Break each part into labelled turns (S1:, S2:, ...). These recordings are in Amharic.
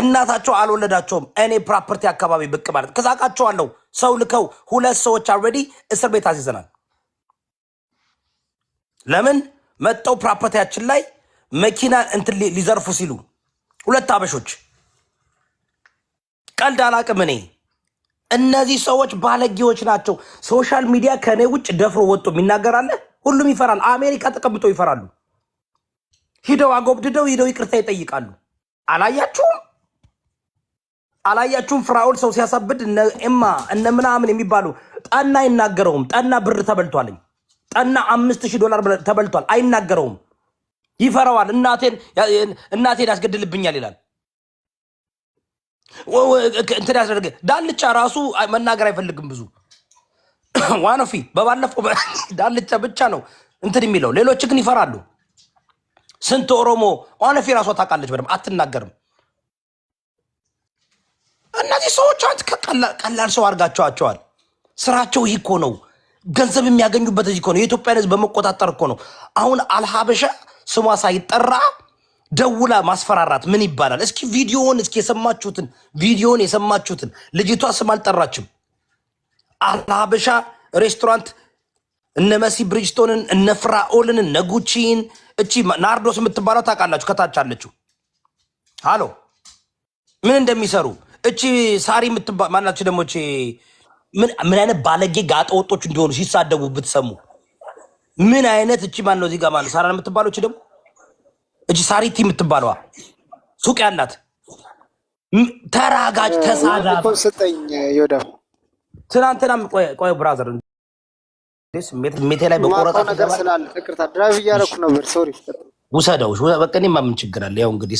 S1: እናታቸው አልወለዳቸውም። እኔ ፕራፐርቲ አካባቢ ብቅ ማለት ከሳቃቸዋለሁ። ሰው ልከው ሁለት ሰዎች አልሬዲ እስር ቤት አስይዘናል። ለምን መጠው ፕራፐርቲያችን ላይ መኪና እንትን ሊዘርፉ ሲሉ ሁለት አበሾች። ቀልድ አላቅም እኔ። እነዚህ ሰዎች ባለጌዎች ናቸው። ሶሻል ሚዲያ ከእኔ ውጭ ደፍሮ ወጥቶ የሚናገራለ ሁሉም ይፈራል። አሜሪካ ተቀምጠው ይፈራሉ። ሂደው አጎብድደው ሂደው ይቅርታ ይጠይቃሉ። አላያችሁ አላያችሁም? ፍራኦል ሰው ሲያሳብድ እማ ኤማ እነ ምናምን የሚባሉ ጠና አይናገረውም። ጠና ብር ተበልቷል። ጠና አምስት ሺህ ዶላር ተበልቷል። አይናገረውም። ይፈራዋል። እናቴን ያስገድልብኛል ይላል። እንትን ያስደርገ ዳልቻ ራሱ መናገር አይፈልግም። ብዙ ዋነፊ በባለፈው ዳልቻ ብቻ ነው እንትን የሚለው ሌሎች ግን ይፈራሉ። ስንት ኦሮሞ ዋነፊ ራሷ ታውቃለች በደምብ አትናገርም። እነዚህ ሰዎች አንተ ቀላል ሰው አድርጋቸዋቸዋል። ስራቸው ይህ እኮ ነው። ገንዘብ የሚያገኙበት እዚህ እኮ ነው። የኢትዮጵያን ህዝብ በመቆጣጠር እኮ ነው። አሁን አልሀበሻ ስሟ ሳይጠራ ደውላ ማስፈራራት ምን ይባላል? እስኪ ቪዲዮውን እስኪ የሰማችሁትን ቪዲዮውን የሰማችሁትን ልጅቷ ስም አልጠራችም። አልሀበሻ ሬስቶራንት እነ መሲ ብሪጅቶንን እነ ፍራኦልን እነ ጉቺን እቺ ናርዶስ የምትባለው ታውቃላችሁ፣ ከታች አለችው። ሀሎ ምን እንደሚሰሩ እቺ ሳሪ የምትባል ማናቸው ደግሞ ምን አይነት ባለጌ ጋጠ ወጦች እንደሆኑ ሲሳደቡ ብትሰሙ ምን አይነት እቺ ማን ነው እዚህ ጋር ማለት ሳራ የምትባለው እቺ ደግሞ እቺ ሳሪቲ የምትባለዋ ሱቅ ያላት ተራጋጅ ተሳዳስጠኝ ትናንትና ቆይ ብራዘር ስሜቴ ላይ በቆረጣ ነገር ስላለ ፍቅርታ ድራይቭ እያደረኩ ነበር ሶሪ ውሰደው በቃ እኔማ ምን ችግር አለ ያው እንግዲህ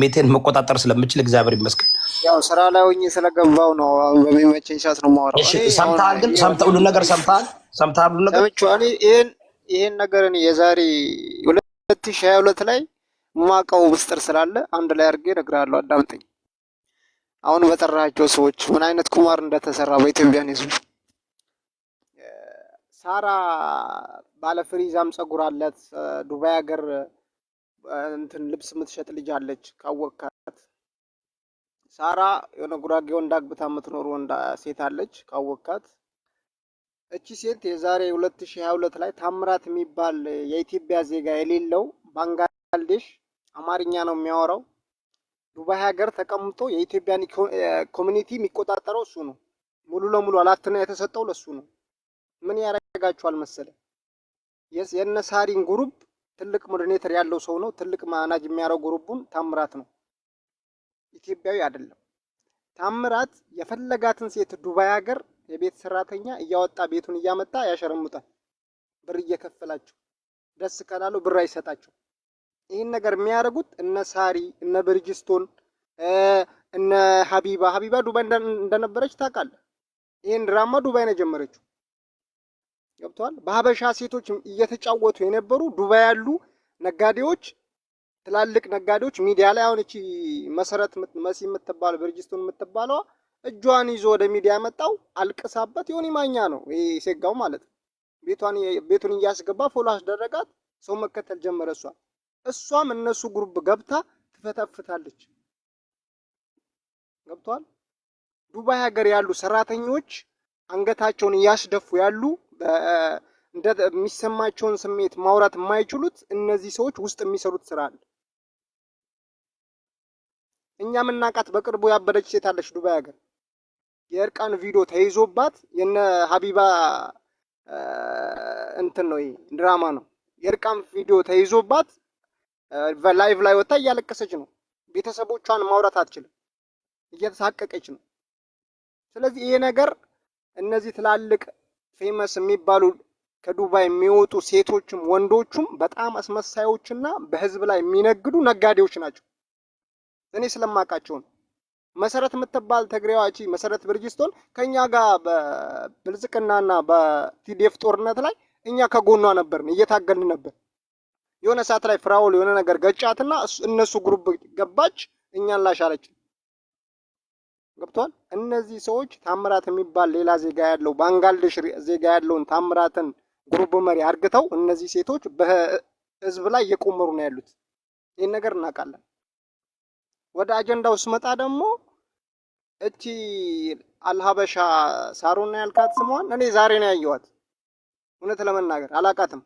S1: ሜቴን መቆጣጠር ስለምችል እግዚአብሔር ይመስገን።
S2: ያው ስራ ላይ ሆኜ ስለገባው ነው። በሚመቸኝ ሰዓት ነው የማወራው።
S1: ሰምተሃል? ግን ሁሉ ነገር ሰምተሃል? ሰምተሃል? ሁሉ ነገር
S2: ሰምቼዋለሁ። ይሄን ይሄን ነገር እኔ የዛሬ ሁለት ሺህ ሀያ ሁለት ላይ ማቀው ውስጥር ስላለ አንድ ላይ አድርጌ እነግርሃለሁ። አዳምጠኝ። አሁን በጠራቸው ሰዎች ምን አይነት ቁማር እንደተሰራ በኢትዮጵያን ሕዝብ ሳራ ባለፍሪዛም ፀጉር አላት ዱባይ ሀገር እንትን ልብስ የምትሸጥ ልጅ አለች ካወቅካት። ሳራ የሆነ ጉራጌ ወንድ አግብታ የምትኖር ወንድ ሴት አለች ካወቅካት። እቺ ሴት የዛሬ ሁለት ሀያ ሁለት ላይ ታምራት የሚባል የኢትዮጵያ ዜጋ የሌለው ባንጋልዴሽ አማርኛ ነው የሚያወራው ዱባይ ሀገር ተቀምጦ የኢትዮጵያን ኮሚኒቲ የሚቆጣጠረው እሱ ነው። ሙሉ ለሙሉ አላትና የተሰጠው ለሱ ነው። ምን ያረጋችኋል መሰለ የነሳሪን ሳሪን ግሩፕ ትልቅ ሞዴሬተር ያለው ሰው ነው። ትልቅ ማናጅ የሚያደርገው ግሩቡን ታምራት ነው፣ ኢትዮጵያዊ አይደለም። ታምራት የፈለጋትን ሴት ዱባይ ሀገር የቤት ሰራተኛ እያወጣ ቤቱን እያመጣ ያሸረሙጣል። ብር እየከፈላቸው ደስ ካላሉ ብር አይሰጣቸው። ይህን ነገር የሚያደርጉት እነ ሳሪ እነ ብርጅስቶን እነ ሀቢባ ሀቢባ ዱባይ እንደነበረች ታውቃለህ። ይህን ድራማ ዱባይ ነው የጀመረችው። ገብተዋል። በሀበሻ ሴቶች እየተጫወቱ የነበሩ ዱባይ ያሉ ነጋዴዎች፣ ትላልቅ ነጋዴዎች ሚዲያ ላይ አሁን እቺ መሰረት መሲ የምትባለ ብርጅስቱን የምትባለዋ እጇን ይዞ ወደ ሚዲያ መጣው አልቅሳበት ዮኒ ማኛ ነው ይሄ ሴጋው ማለት ቤቷን ቤቱን እያስገባ ፎሎ አስደረጋት። ሰው መከተል ጀመረ። እሷ እሷም እነሱ ግሩፕ ገብታ ትፈተፍታለች። ገብቷል። ዱባይ ሀገር ያሉ ሰራተኞች አንገታቸውን እያስደፉ ያሉ የሚሰማቸውን ስሜት ማውራት የማይችሉት እነዚህ ሰዎች ውስጥ የሚሰሩት ስራ አለ። እኛ ምናቃት በቅርቡ ያበደች ሴት አለች ዱባይ ሀገር የእርቃን ቪዲዮ ተይዞባት የነ ሀቢባ እንትን ነው ድራማ ነው። የእርቃን ቪዲዮ ተይዞባት ላይቭ ላይ ወጥታ እያለቀሰች ነው። ቤተሰቦቿን ማውራት አትችልም፣ እየተሳቀቀች ነው። ስለዚህ ይሄ ነገር እነዚህ ትላልቅ ፌመስ የሚባሉ ከዱባይ የሚወጡ ሴቶችም ወንዶቹም በጣም አስመሳዮችና በህዝብ ላይ የሚነግዱ ነጋዴዎች ናቸው። እኔ ስለማውቃቸው ነው። መሰረት የምትባል ትግሬዋቺ መሰረት ብርጅስቶን ከእኛ ጋር በብልጽግናና በቲዲኤፍ ጦርነት ላይ እኛ ከጎኗ ነበርን፣ እየታገልን ነበር። የሆነ ሰዓት ላይ ፍራውል የሆነ ነገር ገጫትና እነሱ ግሩፕ ገባች፣ እኛን ላሻለችን። ገብቷል። እነዚህ ሰዎች ታምራት የሚባል ሌላ ዜጋ ያለው ባንጋልዴሽ ዜጋ ያለውን ታምራትን ግሩብ መሪ አርግተው እነዚህ ሴቶች በህዝብ ላይ እየቆመሩ ነው ያሉት። ይህን ነገር እናውቃለን። ወደ አጀንዳው ስመጣ ደግሞ እቺ አልሀበሻ ሳሩን ያልካት ስሟን እኔ ዛሬ ነው ያየኋት። እውነት ለመናገር አላቃትም።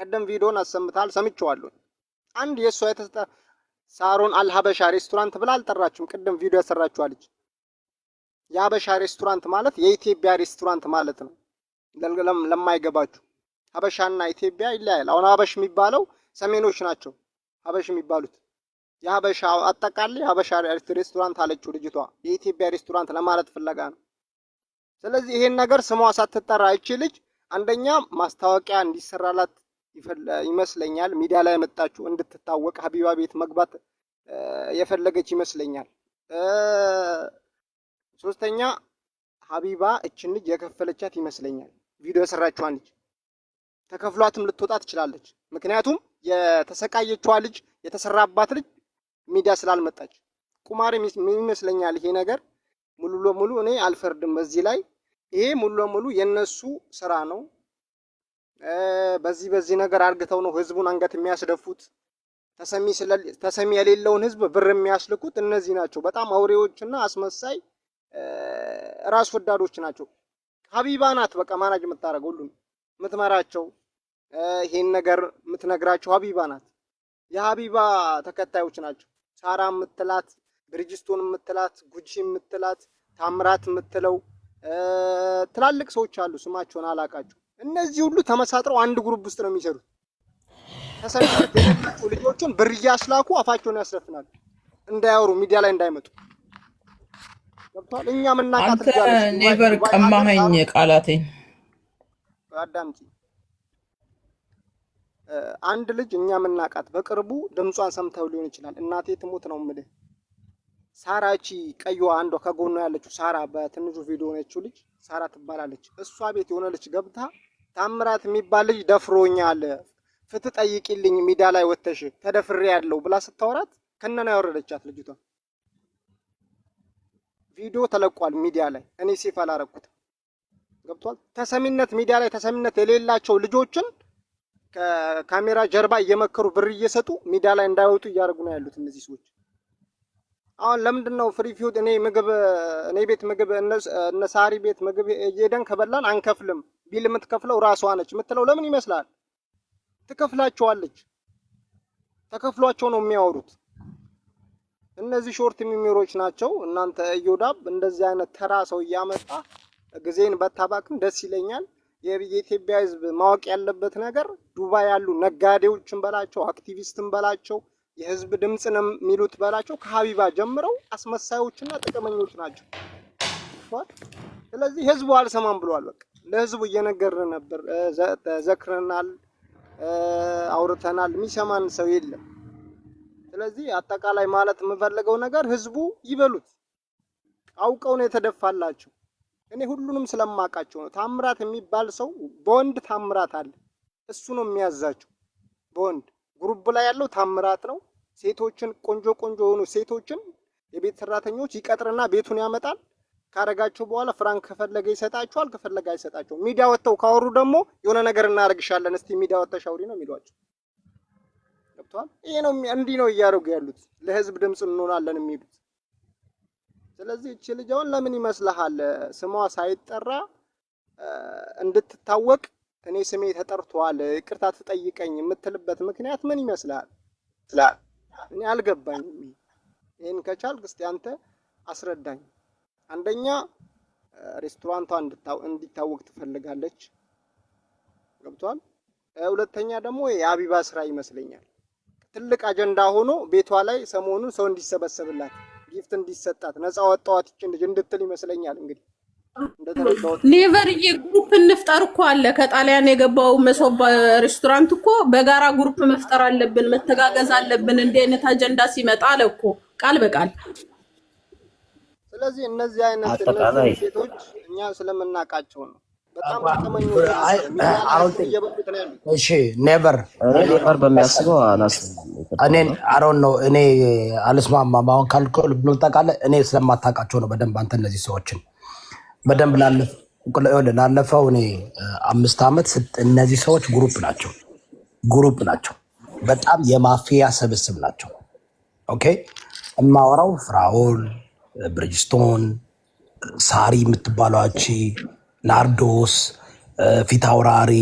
S2: ቀደም ቪዲዮን አሰምታል ሰምቼዋለሁ። አንድ የእሷ ሳሮን አልሀበሻ ሬስቶራንት ብላ አልጠራችሁም። ቅድም ቪዲዮ ያሰራችኋለች። የሀበሻ ሬስቶራንት ማለት የኢትዮጵያ ሬስቶራንት ማለት ነው። ለማይገባችሁ ሀበሻና ኢትዮጵያ ይለያል። አሁን ሀበሽ የሚባለው ሰሜኖች ናቸው ሀበሽ የሚባሉት። የሀበሻ አጠቃላይ ሀበሻ ሬስቶራንት አለችው ልጅቷ። የኢትዮጵያ ሬስቶራንት ለማለት ፍለጋ ነው። ስለዚህ ይሄን ነገር ስሟ ሳትጠራ ይቺ ልጅ አንደኛ ማስታወቂያ እንዲሰራላት ይመስለኛል ሚዲያ ላይ መጣችሁ እንድትታወቅ ሀቢባ ቤት መግባት የፈለገች ይመስለኛል። ሶስተኛ ሀቢባ እችን ልጅ የከፈለቻት ይመስለኛል። ቪዲዮ የሰራችኋን ልጅ ተከፍሏትም ልትወጣ ትችላለች። ምክንያቱም የተሰቃየችዋ ልጅ የተሰራባት ልጅ ሚዲያ ስላልመጣች ቁማር ይመስለኛል ይሄ ነገር። ሙሉ ለሙሉ እኔ አልፈርድም በዚህ ላይ። ይሄ ሙሉ ለሙሉ የነሱ ስራ ነው። በዚህ በዚህ ነገር አርግተው ነው ህዝቡን አንገት የሚያስደፉት፣ ተሰሚ የሌለውን ህዝብ ብር የሚያስልኩት እነዚህ ናቸው። በጣም አውሬዎችና አስመሳይ ራስ ወዳዶች ናቸው። ሀቢባ ናት በቃ ማናጅ የምታደርገው ሁሉን የምትመራቸው ይሄን ነገር የምትነግራቸው ሀቢባ ናት። የሀቢባ ተከታዮች ናቸው። ሳራ የምትላት ብርጅስቶን የምትላት ጉቺ የምትላት ታምራት የምትለው ትላልቅ ሰዎች አሉ። ስማቸውን አላቃቸው እነዚህ ሁሉ ተመሳጥረው አንድ ግሩፕ ውስጥ ነው የሚሰሩት። ተሰልፈው ልጆቹን ብር እያስላኩ አፋቸውን ያስረፍናሉ፣ እንዳያወሩ ሚዲያ ላይ እንዳይመጡ ገብቷል። እኛ
S1: ምናቃት ኔቨር ቀማኸኝ ቃላቴን አዳምጪ።
S2: አንድ ልጅ እኛ ምናቃት በቅርቡ ድምጿን ሰምተው ሊሆን ይችላል። እናቴ ትሞት ነው የምልህ ሳራቺ ቀዩ አንዷ ከጎኗ ያለችው ሳራ በትንሹ ቪዲዮ ነችው ልጅ ሳራ ትባላለች። እሷ ቤት የሆነ ልጅ ገብታ ታምራት የሚባል ልጅ ደፍሮኛል፣ ፍትህ ጠይቂልኝ፣ ሚዳ ላይ ወተሽ ተደፍሬ ያለው ብላ ስታወራት ከነና ያወረደቻት ልጅቷ። ቪዲዮ ተለቋል ሚዲያ ላይ እኔ ሴፍ አላረኩት ገብቷል። ተሰሚነት ሚዲያ ላይ ተሰሚነት የሌላቸው ልጆችን ከካሜራ ጀርባ እየመከሩ ብር እየሰጡ ሚዲያ ላይ እንዳይወጡ እያደረጉ ነው ያሉት እነዚህ ሰዎች። አሁን ለምንድን ነው ፍሪ ፊውድ እኔ ምግብ እኔ ቤት ምግብ እነ ሳሪ ቤት ምግብ እየሄደን ከበላን አንከፍልም ቢል የምትከፍለው ራሷ ነች የምትለው ለምን ይመስላል? ትከፍላቸዋለች። ተከፍሏቸው ነው የሚያወሩት። እነዚህ ሾርት ሚሚሮች ናቸው። እናንተ እዮዳብ እንደዚህ አይነት ተራ ሰው እያመጣ ጊዜን በታባክም ደስ ይለኛል። የኢትዮጵያ ሕዝብ ማወቅ ያለበት ነገር ዱባይ ያሉ ነጋዴዎችን በላቸው፣ አክቲቪስትን በላቸው የህዝብ ድምፅ ነው የሚሉት በላቸው ከሀቢባ ጀምረው አስመሳዮችና ጥቅመኞች ናቸው። ስለዚህ ህዝቡ አልሰማም ብሏል። በቃ ለህዝቡ እየነገርን ነበር፣ ተዘክረናል፣ አውርተናል። የሚሰማን ሰው የለም። ስለዚህ አጠቃላይ ማለት የምፈልገው ነገር ህዝቡ ይበሉት። አውቀው ነው የተደፋላቸው። እኔ ሁሉንም ስለማውቃቸው ነው። ታምራት የሚባል ሰው በወንድ ታምራት አለ፣ እሱ ነው የሚያዛቸው። በወንድ ግሩፕ ላይ ያለው ታምራት ነው። ሴቶችን ቆንጆ ቆንጆ የሆኑ ሴቶችን የቤት ሰራተኞች ይቀጥርና ቤቱን ያመጣል። ካረጋችሁ በኋላ ፍራንክ ከፈለገ ይሰጣችኋል፣ ከፈለገ አይሰጣቸው። ሚዲያ ወጥተው ካወሩ ደግሞ የሆነ ነገር እናደርግሻለን፣ እስቲ ሚዲያ ወጥተሽ አውሪ ነው የሚሏቸው። ገብቷል? ይሄ ነው እንዲህ ነው እያደረጉ ያሉት። ለህዝብ ድምፅ እንሆናለን የሚሉት። ስለዚህ እቺ ልጅ አሁን ለምን ይመስልሃል ስሟ ሳይጠራ እንድትታወቅ እኔ ስሜ ተጠርቷል ይቅርታ ትጠይቀኝ የምትልበት ምክንያት ምን ይመስልሃል? እኔ አልገባኝም። ይህን ከቻልክ እስቲ አንተ አስረዳኝ። አንደኛ ሬስቶራንቷ እንዲታወቅ ትፈልጋለች፣ ገብቷል። ሁለተኛ ደግሞ የአቢባ ስራ ይመስለኛል ትልቅ አጀንዳ ሆኖ ቤቷ ላይ ሰሞኑን ሰው እንዲሰበሰብላት ጊፍት እንዲሰጣት ነፃ ወጣዋት ይችን ልጅ እንድትል ይመስለኛል እንግዲህ
S3: ኔቨርዬ የግሩፕ እንፍጠር እኮ አለ። ከጣሊያን የገባው መሶብ ሬስቶራንት እኮ በጋራ ግሩፕ መፍጠር አለብን፣ መተጋገዝ አለብን። እንዲህ አይነት አጀንዳ ሲመጣ አለ እኮ ቃል በቃል።
S2: ስለዚህ እነዚህ አይነት ሴቶች እኛ ስለምናቃቸው ነው።
S1: እኔ አልስማማም። አሁን እኔ ስለማታውቃቸው ነው በደንብ አንተ እነዚህ ሰዎችን በደንብ ላለፈው እኔ አምስት ዓመት እነዚህ ሰዎች ግሩፕ ናቸው፣ ግሩፕ ናቸው። በጣም የማፊያ ስብስብ ናቸው። ኦኬ የማወራው ፍራውል ብሪጅስቶን፣ ሳሪ የምትባሏች፣ ናርዶስ፣ ፊታውራሪ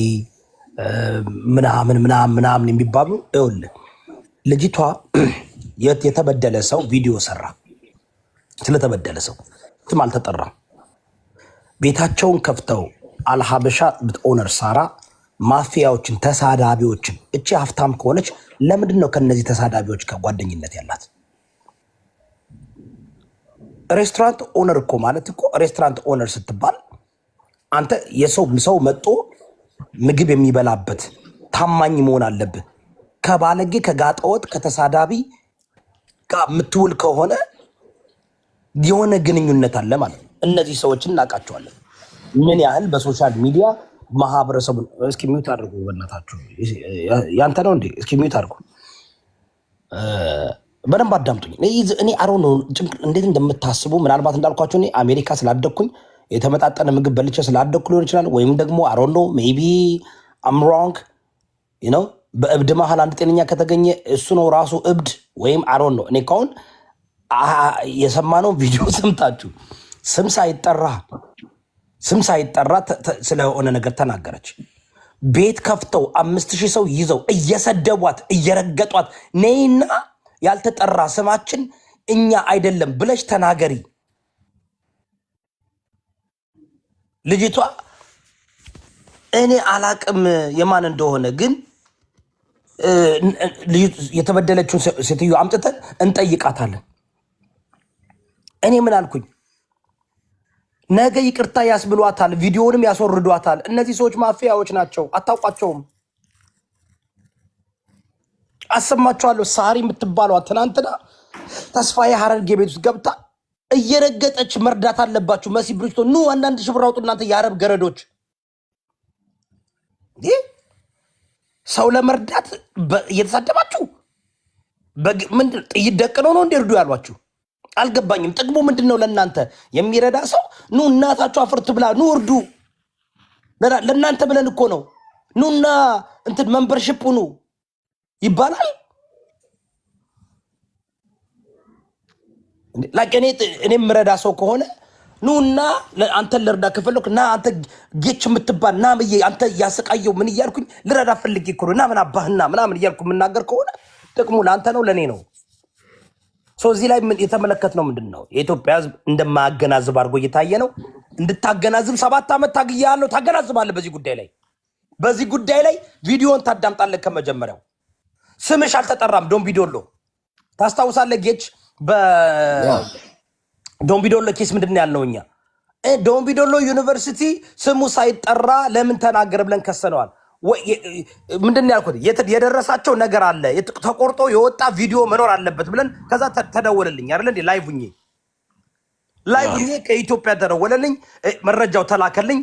S1: ምናምን ምናምን ምናምን የሚባሉ ይውል ልጅቷ የተበደለ ሰው ቪዲዮ ሰራ። ስለተበደለ ሰው ትም አልተጠራም። ቤታቸውን ከፍተው አልሀበሻ ኦነር ሳራ ማፊያዎችን፣ ተሳዳቢዎችን እቺ ሀብታም ከሆነች ለምንድን ነው ከነዚህ ተሳዳቢዎች ከጓደኝነት ያላት? ሬስቶራንት ኦነር እኮ ማለት እኮ ሬስቶራንት ኦነር ስትባል አንተ የሰው ሰው መጦ ምግብ የሚበላበት ታማኝ መሆን አለብህ። ከባለጌ ከጋጠወጥ ከተሳዳቢ ጋር የምትውል ከሆነ የሆነ ግንኙነት አለ ማለት ነው። እነዚህ ሰዎች እናውቃቸዋለን። ምን ያህል በሶሻል ሚዲያ ማህበረሰቡን እስኪ ሚዩት አድርጉ፣ በእናታችሁ ያንተ ነው እንዴ? እስኪ ሚዩት አድርጉ። በደንብ አዳምጡኝ። እኔ አሮ ነው እንዴት እንደምታስቡ ምናልባት እንዳልኳቸው እኔ አሜሪካ ስላደግኩኝ የተመጣጠነ ምግብ በልቼ ስላደግኩ ሊሆን ይችላል። ወይም ደግሞ አሮ ነው ሜይ ቢ አም ሮንግ ነው። በእብድ መሀል አንድ ጤነኛ ከተገኘ እሱ ነው ራሱ እብድ ወይም አሮን ነው። እኔ ካሁን የሰማነው ቪዲዮ ሰምታችሁ ስም ሳይጠራ ስም ሳይጠራ ስለሆነ ነገር ተናገረች። ቤት ከፍተው አምስት ሺህ ሰው ይዘው እየሰደቧት እየረገጧት፣ ነይና ያልተጠራ ስማችን እኛ አይደለም ብለሽ ተናገሪ። ልጅቷ እኔ አላቅም የማን እንደሆነ ግን የተበደለችውን ሴትዮ አምጥተን እንጠይቃታለን። እኔ ምን አልኩኝ? ነገ ይቅርታ ያስብሏታል፣ ቪዲዮንም ያስወርዷታል። እነዚህ ሰዎች ማፊያዎች ናቸው፣ አታውቋቸውም። አሰማችኋለሁ። ሳሪ የምትባሏት ትናንትና ተስፋዬ ሀረርጌ ቤት ውስጥ ገብታ እየረገጠች መርዳት አለባችሁ። መሲ ብሪጅቶ ኑ አንዳንድ ሺህ ብር አውጡ እናንተ የአረብ ገረዶች። ሰው ለመርዳት እየተሳደባችሁ ምንድን ጥይት ደቅነው ነው እንዲርዱ ያሏችሁ? አልገባኝም። ጥቅሙ ምንድን ነው? ለእናንተ የሚረዳ ሰው ኑ እናታችሁ አፍርት ብላ ኑ እርዱ። ለእናንተ ብለን እኮ ነው። ኑና እንትን መንበርሽፕ ኑ ይባላል። እኔ የምረዳ ሰው ከሆነ ኑና አንተን ልረዳ ከፈለኩ ና አንተ ጌች የምትባል ና ብዬ አንተ እያሰቃየው ምን እያልኩኝ ልረዳ ፈልጌ እኮ ነው ና ምን አባህና ምናምን እያልኩ የምናገር ከሆነ ጥቅሙ ለአንተ ነው ለእኔ ነው። እዚህ ላይ የተመለከትነው ምንድን ነው? የኢትዮጵያ ህዝብ እንደማያገናዝብ አድርጎ እየታየ ነው። እንድታገናዝብ ሰባት ዓመት ታግያለሁ። ታገናዝባለህ። በዚህ ጉዳይ ላይ በዚህ ጉዳይ ላይ ቪዲዮን ታዳምጣለህ። ከመጀመሪያው ስምሽ አልተጠራም። ዶምቢዶሎ ታስታውሳለህ? ጌች በዶምቢዶሎ ኬስ ምንድን ነው ያልነው እኛ ዶምቢዶሎ ዩኒቨርሲቲ ስሙ ሳይጠራ ለምን ተናገር ብለን ከሰነዋል። ምንድን ያልኩት የደረሳቸው ነገር አለ ተቆርጦ የወጣ ቪዲዮ መኖር አለበት ብለን ከዛ ተደወለልኝ አለ እንዴ ላይቭ ሁኜ ላይቭ ከኢትዮጵያ ተደወለልኝ መረጃው ተላከልኝ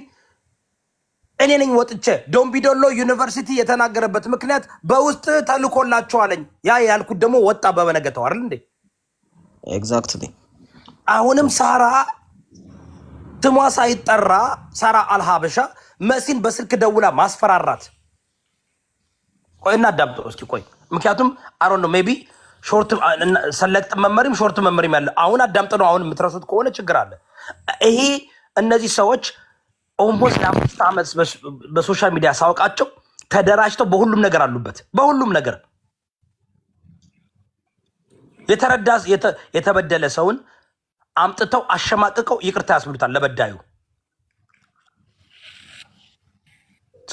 S1: እኔ ነኝ ወጥቼ ዶምቢዶሎ ዩኒቨርሲቲ የተናገረበት ምክንያት በውስጥ ተልኮላቸዋለኝ። ያ ያልኩት ደግሞ ወጣ በበነገተው አይደል እንዴ ኤግዛክትሊ አሁንም ሳራ ስሟ ሳይጠራ ሳራ አልሀበሻ መሲን በስልክ ደውላ ማስፈራራት። ቆይ እናዳምጥ እስኪ ቆይ። ምክንያቱም አሮ ነው ቢ ሾርት ሰለቅጥ መመሪም ሾርት መመሪም ያለ አሁን አዳምጠ ነው። አሁን የምትረሱት ከሆነ ችግር አለ። ይሄ እነዚህ ሰዎች ኦልሞስት ለአምስት ዓመት በሶሻል ሚዲያ ሳውቃቸው ተደራጅተው በሁሉም ነገር አሉበት። በሁሉም ነገር የተረዳ የተበደለ ሰውን አምጥተው አሸማቅቀው ይቅርታ ያስብሉታል ለበዳዩ።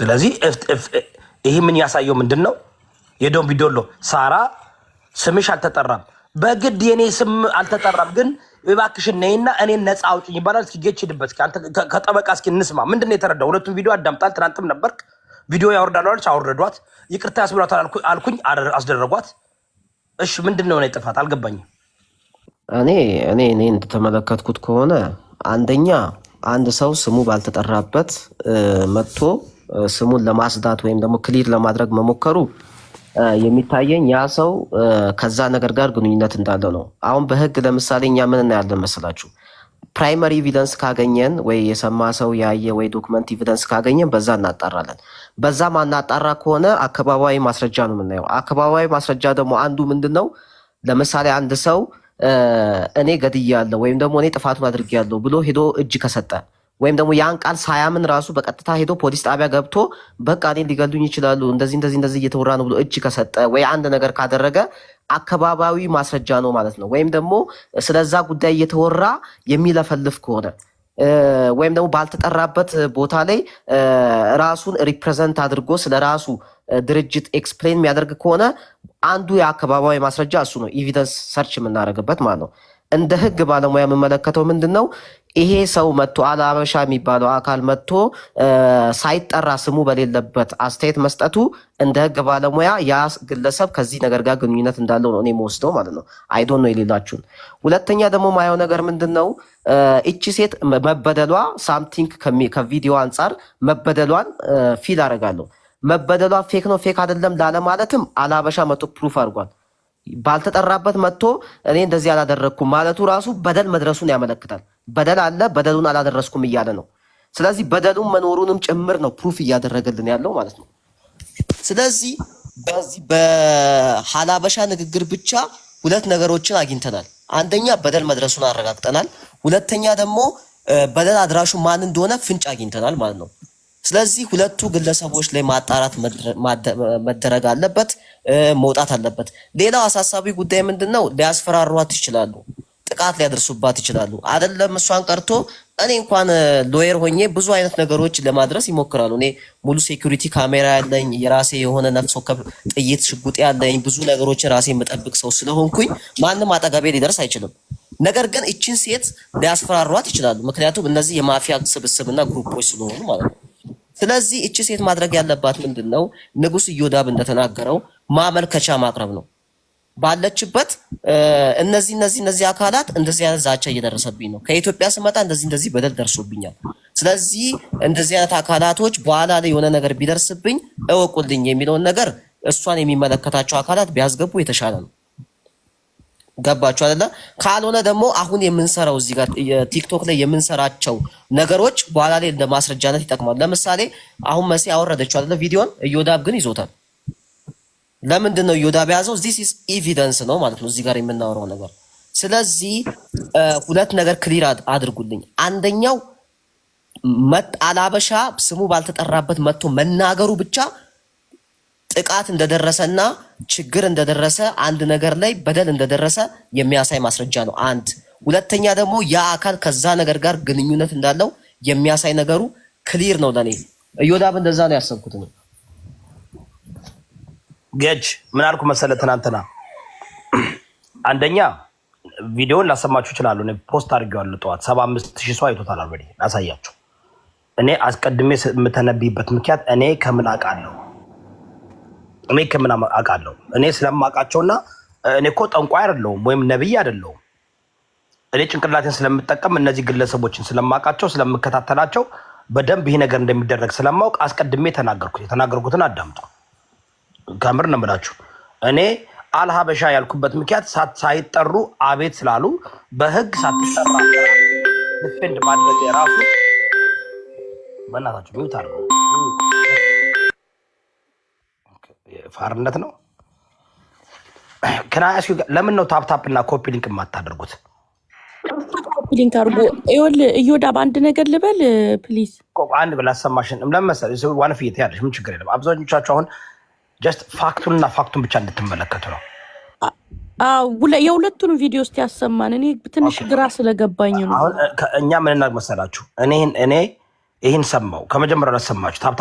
S1: ስለዚህ ይህ ምን ያሳየው ምንድን ነው? የደንቢ ዶሎ ሳራ ስምሽ አልተጠራም፣ በግድ የኔ ስም አልተጠራም፣ ግን እባክሽን ነይና እኔን ነፃ አውጭኝ ይባላል። እስኪ ጌች ሂድበት፣ ከጠበቃ እስኪ እንስማ። ምንድን ነው የተረዳው? ሁለቱም ቪዲዮ አዳምጣል። ትናንትም ነበርክ። ቪዲዮ ያወርዳለች፣ አወረዷት። ይቅርታ ያስብሏታል አልኩኝ፣ አስደረጓት። እሺ ምንድን ነው ጥፋት? አልገባኝም። እኔ እኔ እኔ እንደተመለከትኩት ከሆነ አንደኛ አንድ ሰው ስሙ ባልተጠራበት መጥቶ ስሙን ለማጽዳት ወይም ደግሞ ክሊር ለማድረግ መሞከሩ የሚታየኝ ያ ሰው ከዛ ነገር ጋር ግንኙነት እንዳለው ነው። አሁን በህግ ለምሳሌ እኛ ምን እናያለን መስላችሁ? ፕራይመሪ ኤቪደንስ ካገኘን ወይ የሰማ ሰው ያየ ወይ ዶክመንት ኤቪደንስ ካገኘን በዛ እናጣራለን። በዛ ማናጣራ ከሆነ አካባቢዊ ማስረጃ ነው የምናየው። አካባቢዊ ማስረጃ ደግሞ አንዱ ምንድን ነው? ለምሳሌ አንድ ሰው እኔ ገድያለሁ ወይም ደግሞ እኔ ጥፋቱን አድርጌያለሁ ብሎ ሄዶ እጅ ከሰጠ ወይም ደግሞ ያን ቃል ሳያምን ራሱ በቀጥታ ሄዶ ፖሊስ ጣቢያ ገብቶ በቃ እኔን ሊገሉኝ ይችላሉ፣ እንደዚህ እንደዚህ እንደዚህ እየተወራ ነው ብሎ እጅ ከሰጠ ወይ አንድ ነገር ካደረገ አካባቢያዊ ማስረጃ ነው ማለት ነው። ወይም ደግሞ ስለዛ ጉዳይ እየተወራ የሚለፈልፍ ከሆነ ወይም ደግሞ ባልተጠራበት ቦታ ላይ ራሱን ሪፕሬዘንት አድርጎ ስለ ራሱ ድርጅት ኤክስፕሌን የሚያደርግ ከሆነ አንዱ የአካባቢያዊ ማስረጃ እሱ ነው፣ ኢቪደንስ ሰርች የምናደርግበት ማለት ነው። እንደ ህግ ባለሙያ የምመለከተው ምንድን ነው ይሄ ሰው መጥቶ አልሀበሻ የሚባለው አካል መጥቶ ሳይጠራ ስሙ በሌለበት አስተያየት መስጠቱ እንደ ህግ ባለሙያ ያ ግለሰብ ከዚህ ነገር ጋር ግንኙነት እንዳለው ነው እኔ መወስደው ማለት ነው። አይዶን ነው የሌላችሁን። ሁለተኛ ደግሞ ማየው ነገር ምንድን ነው፣ እቺ ሴት መበደሏ ሳምቲንግ ከቪዲዮ አንጻር መበደሏን ፊል አደርጋለሁ። መበደሏ ፌክ ነው ፌክ አይደለም ላለማለትም አላበሻ መቶ ፕሩፍ አድርጓል። ባልተጠራበት መጥቶ እኔ እንደዚህ አላደረግኩም ማለቱ ራሱ በደል መድረሱን ያመለክታል። በደል አለ፣ በደሉን አላደረስኩም እያለ ነው። ስለዚህ በደሉን መኖሩንም ጭምር ነው ፕሩፍ እያደረገልን ያለው ማለት ነው። ስለዚህ በዚህ በሀላበሻ ንግግር ብቻ ሁለት ነገሮችን አግኝተናል። አንደኛ በደል መድረሱን አረጋግጠናል። ሁለተኛ ደግሞ በደል አድራሹ ማን እንደሆነ ፍንጭ አግኝተናል ማለት ነው። ስለዚህ ሁለቱ ግለሰቦች ላይ ማጣራት መደረግ አለበት፣ መውጣት አለበት። ሌላው አሳሳቢ ጉዳይ ምንድን ነው? ሊያስፈራሯት ይችላሉ፣ ጥቃት ሊያደርሱባት ይችላሉ። አይደለም እሷን ቀርቶ እኔ እንኳን ሎየር ሆኜ ብዙ አይነት ነገሮች ለማድረስ ይሞክራሉ። እኔ ሙሉ ሴኩሪቲ ካሜራ ያለኝ የራሴ የሆነ ነፍስ ወከፍ ጥይት፣ ሽጉጥ ያለኝ ብዙ ነገሮችን ራሴ የምጠብቅ ሰው ስለሆንኩኝ ማንም አጠገቤ ሊደርስ አይችልም። ነገር ግን እችን ሴት ሊያስፈራሯት ይችላሉ። ምክንያቱም እነዚህ የማፊያ ስብስብና ግሩፖች ስለሆኑ ማለት ነው። ስለዚህ እቺ ሴት ማድረግ ያለባት ምንድን ነው? ንጉስ ኢዮዳብ እንደተናገረው ማመልከቻ ማቅረብ ነው። ባለችበት እነዚህ እነዚህ እነዚህ አካላት እንደዚህ አይነት ዛቻ እየደረሰብኝ ነው፣ ከኢትዮጵያ ስመጣ እንደዚህ እንደዚህ በደል ደርሶብኛል። ስለዚህ እንደዚህ አይነት አካላቶች በኋላ ላይ የሆነ ነገር ቢደርስብኝ እወቁልኝ የሚለውን ነገር እሷን የሚመለከታቸው አካላት ቢያስገቡ የተሻለ ነው። ገባችሁ አይደለ? ካልሆነ ደግሞ አሁን የምንሰራው እዚህ ጋር ቲክቶክ ላይ የምንሰራቸው ነገሮች በኋላ ላይ እንደ ማስረጃነት ይጠቅማሉ። ለምሳሌ አሁን መሲ አወረደችው አይደለ ቪዲዮን፣ እዮዳብ ግን ይዞታል። ለምንድን ነው እዮዳብ የያዘው? ዚስ ኢዝ ኤቪደንስ ነው ማለት ነው እዚህ ጋር የምናወራው ነገር። ስለዚህ ሁለት ነገር ክሊር አድርጉልኝ። አንደኛው አላበሻ ስሙ ባልተጠራበት መጥቶ መናገሩ ብቻ ጥቃት እንደደረሰና ችግር እንደደረሰ አንድ ነገር ላይ በደል እንደደረሰ የሚያሳይ ማስረጃ ነው። አንድ ሁለተኛ ደግሞ ያ አካል ከዛ ነገር ጋር ግንኙነት እንዳለው የሚያሳይ ነገሩ ክሊር ነው። ለኔ እዮዳብ እንደዛ ነው ያሰብኩት። ነው ገጅ ምን አልኩ መሰለ ትናንትና፣ አንደኛ ቪዲዮን ላሰማችሁ ይችላሉ። እኔ ፖስት አድርጌዋለሁ ጠዋት፣ ሰባ አምስት ሺህ ሰው አይቶታል። አልሬዲ ላሳያችሁ። እኔ አስቀድሜ የምተነብይበት ምክንያት እኔ ከምን አውቃለሁ እኔ ከምን አውቃለሁ? እኔ ስለማውቃቸውና እኔ እኮ ጠንቋይ አይደለሁም ወይም ነብይ አይደለሁም። እኔ ጭንቅላቴን ስለምጠቀም እነዚህ ግለሰቦችን ስለማውቃቸው ስለምከታተላቸው በደንብ ይሄ ነገር እንደሚደረግ ስለማውቅ አስቀድሜ ተናገርኩት። የተናገርኩትን አዳምጡ። ከምር ነው የምላችሁ። እኔ አልሀበሻ ያልኩበት ምክንያት ሳይጠሩ አቤት ስላሉ በህግ ሳትጠራ ዲፌንድ ማድረግ የራሱ በእናታችሁ ሚዩት አድርገው ፋርነት ነው። ከናያስ ለምን ነው ታፕታፕ እና ኮፒ ሊንክ የማታደርጉት? ኮፒ ሊንክ አድርጉ። እዮዳብ አንድ ነገር ልበል ፕሊዝ። አንድ ዋን ፍየት ያለሽ ምን ችግር የለም። አብዛኞቻችሁ አሁን ጀስት ፋክቱን እና ፋክቱን ብቻ እንድትመለከቱ ነው። የሁለቱን ቪዲዮ ውስጥ ያሰማን። እኔ ትንሽ ግራ ስለገባኝ ነው። እኛ መሰላችሁ እኔ ይህን ሰማው